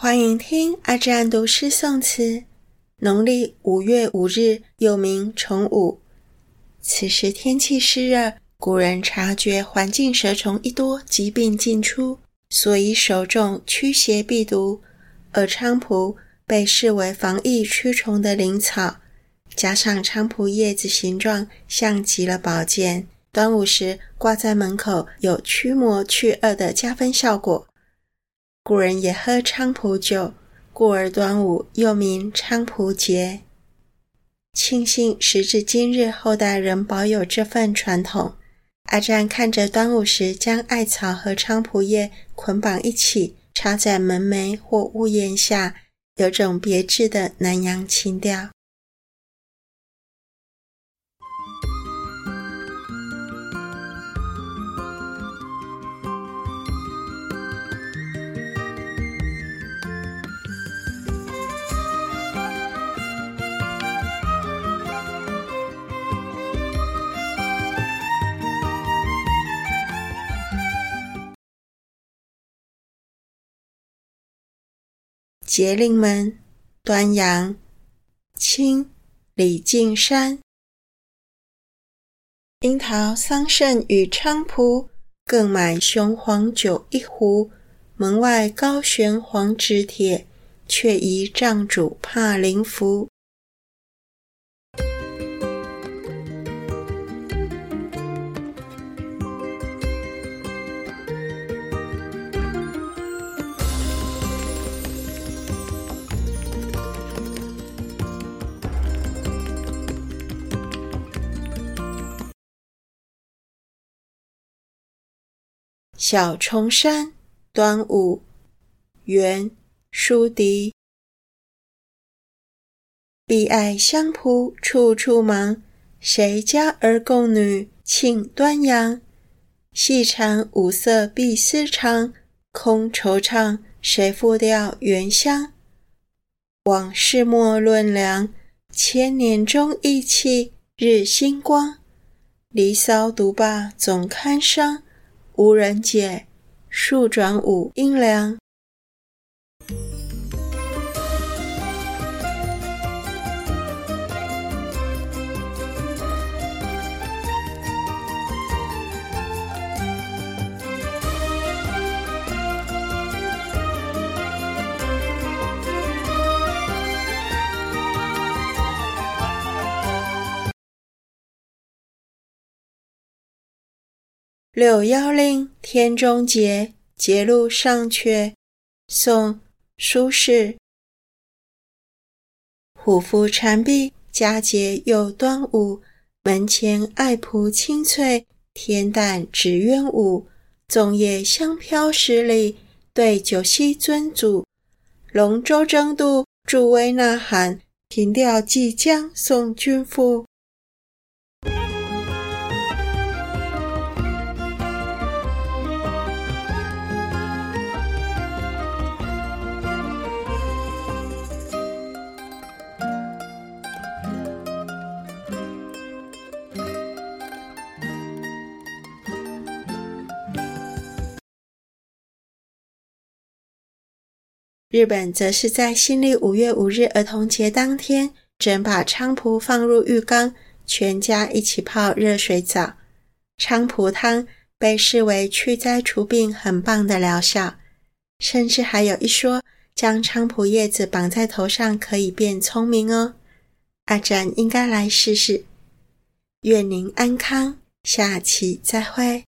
歡迎聽阿占安讀詩誦詞。農曆五月五日，又名重五，此時天氣濕熱，古人察覺環境蛇蟲一多，疾病盡出，所以首重驅邪避毒。而菖蒲被視為防疫驅蟲的靈草，加上菖蒲葉子形狀像極了寶劍，端午時掛在門口有驅魔去惡的加分效果。古人也喝菖蒲酒，故而端午又名菖蒲節。慶幸時至今日，後代仍保有這份傳統。阿占看着端午時將艾草和菖蒲葉捆綁一起，插在門楣或屋檐下，有種別緻的南洋情調。節令門，端陽，清，李靜山。櫻桃桑葚與菖蒲，更買雄黃酒一壺。門外高懸黃紙帖，却疑賬主怕靈符。小重山，端午，元，舒頔。碧艾香蒲處處忙，誰家兒共女慶端陽？細纏五色臂絲長，空惆悵，誰復吊沅湘？往事莫論量，千年忠義氣，日星光。離騷讀罷總堪傷。無人解，樹轉午，陰涼。六一《六幺令天中節》節錄上闋，宋·蘇軾。虎符纏臂，佳節又端午。門前艾蒲青翠，天淡紙鳶舞。粽葉香飄十里，對酒攜樽俎。龍舟爭渡，助威吶喊。憑弔祭江，誦君賦。日本則是在新曆五月五日兒童節當天，整把菖蒲放入浴缸，全家一起泡熱水澡。菖蒲湯被視為祛災除病很棒的療效，甚至還有一說，將菖蒲葉子綁在頭上可以變聰明哦。阿展應該來試試。願您安康，下期再會。